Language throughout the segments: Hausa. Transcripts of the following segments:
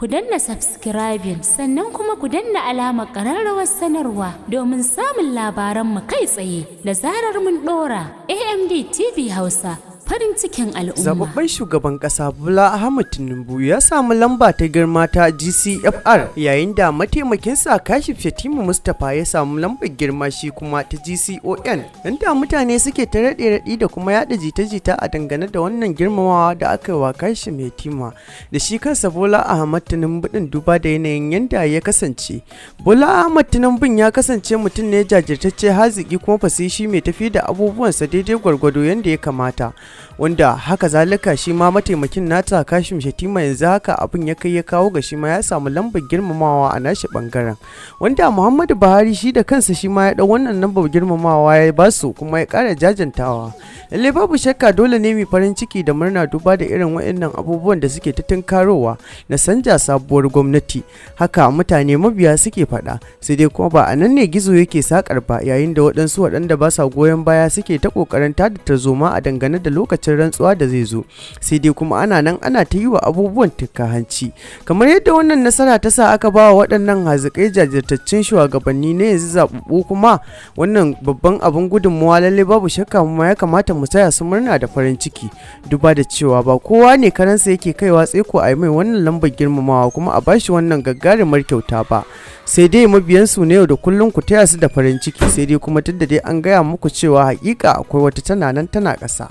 ku danna subscribing sannan kuma ku danna alamar ƙararrawar sanarwa domin samun labaranmu kai tsaye da zarar mun ɗora amd tv hausa farin cikin al'umma. Zababben shugaban kasa bula ahmad Tinubu ya samu lamba ta girma ta GCFR yayin da mataimakin sa Kashif fatima Mustapha ya samu lambar girma shi kuma ta GCON. Inda mutane suke ta raɗe raɗi da kuma yaɗa jita-jita a dangane da wannan girmamawa da aka yi wa Kashif tima da shi kansa Bola Ahmed Tinubu din duba da yanayin yanda ya kasance. Bola ahmad Tinubu ya kasance mutum ne jajirtacce haziki kuma fasishi mai tafi da abubuwansa daidai gwargwado yadda ya kamata. wanda haka zalika shi ma mataimakin nata kashim shatima yanzu haka abin ya kai ya kawo ga shi ma ya samu lambar girmamawa a nashi bangaren wanda muhammadu buhari shi da kansa shi ma ya dau wannan lambar girmamawa ya ba su kuma ya kara jajantawa lallai babu shakka dole ne mai farin ciki da murna duba da irin waɗannan abubuwan da suke ta tunkarowa na sanja sabuwar gwamnati haka mutane mabiya suke faɗa sai dai kuma ba a nan ne gizo yake sakar ba yayin da waɗansu waɗanda ba sa goyon baya suke ta ƙoƙarin da tarzoma a dangane da lokacin lokacin rantsuwa da zai zo sai dai kuma ana nan ana ta yi wa abubuwan hanci kamar yadda wannan nasara ta sa aka ba wa waɗannan hazikai jajirtaccen shugabanni na yanzu zaɓuɓɓu kuma wannan babban abin gudunmawa lalle babu shakka kuma ya kamata mu taya su murna da farin ciki duba da cewa ba kowa ne karansa yake kaiwa ko a yi mai wannan lambar girmamawa kuma a bashi wannan gagarumar kyauta ba sai dai mabiyansu na yau da kullum ku taya su da farin ciki sai dai kuma tunda dai an gaya muku cewa hakika akwai wata tana nan tana ƙasa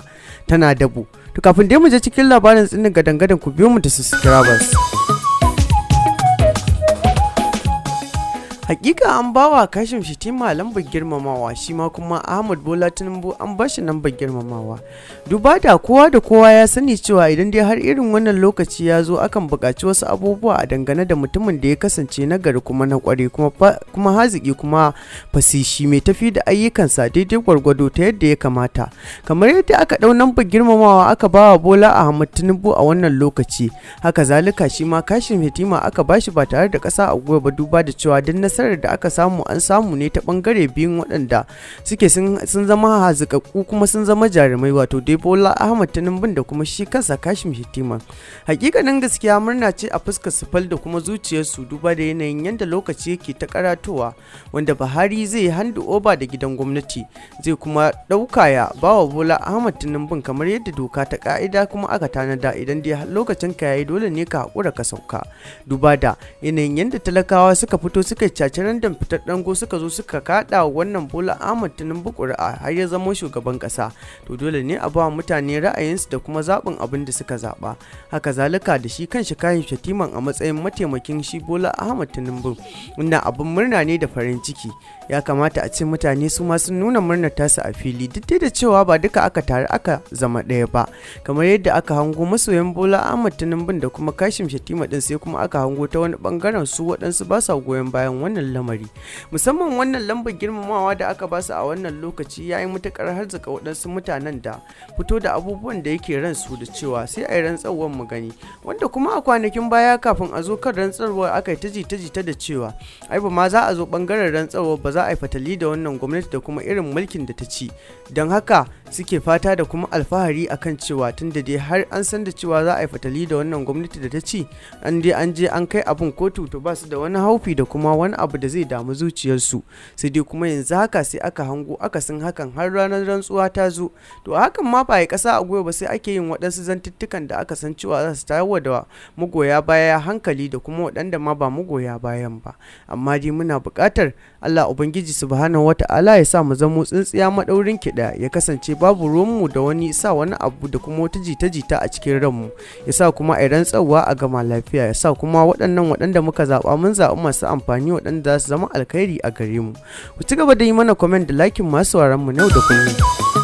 tana dabo to kafin dai mu je cikin labarin tsinin gadan-gadan ku biyo mu da subscribers hakika an bawa kashim shitima lambar girmamawa shi ma kuma ahmad bola tinubu an ba shi lambar girmamawa duba da kowa da kowa ya sani cewa idan dai har irin wannan lokaci ya zo akan buƙaci wasu abubuwa a dangane da mutumin da ya kasance na gari kuma na kware kuma haziki kuma fasishi mai tafi da ayyukansa daidai gwargwado ta yadda ya kamata kamar yadda aka ɗau lambar girmamawa aka bawa bola ahmad tinubu a wannan lokaci haka zalika shi ma kashim shitima aka ba shi ba tare da ƙasa a gwiwa ba duba da cewa don nasa nasarar da aka samu an samu ne ta bangare biyun waɗanda suke sun zama hazikakku kuma sun zama jarumai wato debola ahmad tinubun da kuma shi kansa kashim hitima hakikanin gaskiya murna ce a fuskar sufal da kuma zuciyarsu duba da yanayin yadda lokaci yake ta karatowa wanda buhari zai handu oba da gidan gwamnati zai kuma ɗauka ya bawa bola ahmad tinubun kamar yadda doka ta ka'ida kuma aka tanada idan dai lokacin ka yayi dole ne ka hakura ka sauka duba da yanayin yadda talakawa suka fito suka cirandan fitar go suka zo suka kaɗa wannan bola ahmad tinubu ƙuri'a har ya zama shugaban ƙasa to dole ne a ba mutane ra'ayinsu da kuma zaɓin abin da suka zaɓa haka zalika da shi kan shi kayan shatiman a matsayin mataimakin shi bola ahmad tinubu inda abin murna ne da farin ciki ya kamata a ce mutane su ma sun nuna murnar tasu a fili duk da cewa ba duka aka tare aka zama ɗaya ba kamar yadda aka hango masoyan bola ahmad tinubu da kuma kashim shatima ɗin sai kuma aka hango ta wani bangaren su waɗansu ba sa goyon bayan wannan lamari musamman wannan lambar girmamawa da aka basu a wannan lokaci ya yi matukar harzuka waɗansu mutanen da fito da abubuwan da yake ransu da cewa sai a yi rantsarwar mu gani wanda kuma a kwanakin baya kafin a zo kan rantsarwar aka yi ta jita jita da cewa ai ba ma za a zo bangaren rantsarwar ba za a yi fatali da wannan gwamnati da kuma irin mulkin da ta ci don haka suke fata da kuma alfahari akan cewa tun da dai har an san da cewa za a yi fatali da wannan gwamnati da ta ci an dai an je an kai abin kotu to ba su da wani haufi da kuma wani abu da zai damu zuciyarsu sai dai kuma yanzu haka sai aka hango aka akasin hakan har ranar rantsuwa ta zo to hakan ma ba ya kasa a gwiwa ba sai ake yin waɗansu zantuttukan da aka san cewa za su tayar da magoya baya hankali da kuma waɗanda ma ba magoya bayan ba amma dai muna buƙatar Allah ubangiji subhanahu wata'ala ya sa mu zamo tsintsiya maɗaurin kiɗa ya kasance babu ruwanmu da wani sa wani abu da kuma wata jita-jita a cikin ranmu ya sa kuma a rantsawa a gama lafiya ya sa kuma waɗannan waɗanda muka zaɓa mun zaɓi masu amfani waɗanda waɗanda za su zama alkhairi a gare mu ku ci gaba da yi mana comment da lakin masu mu na yau da kullum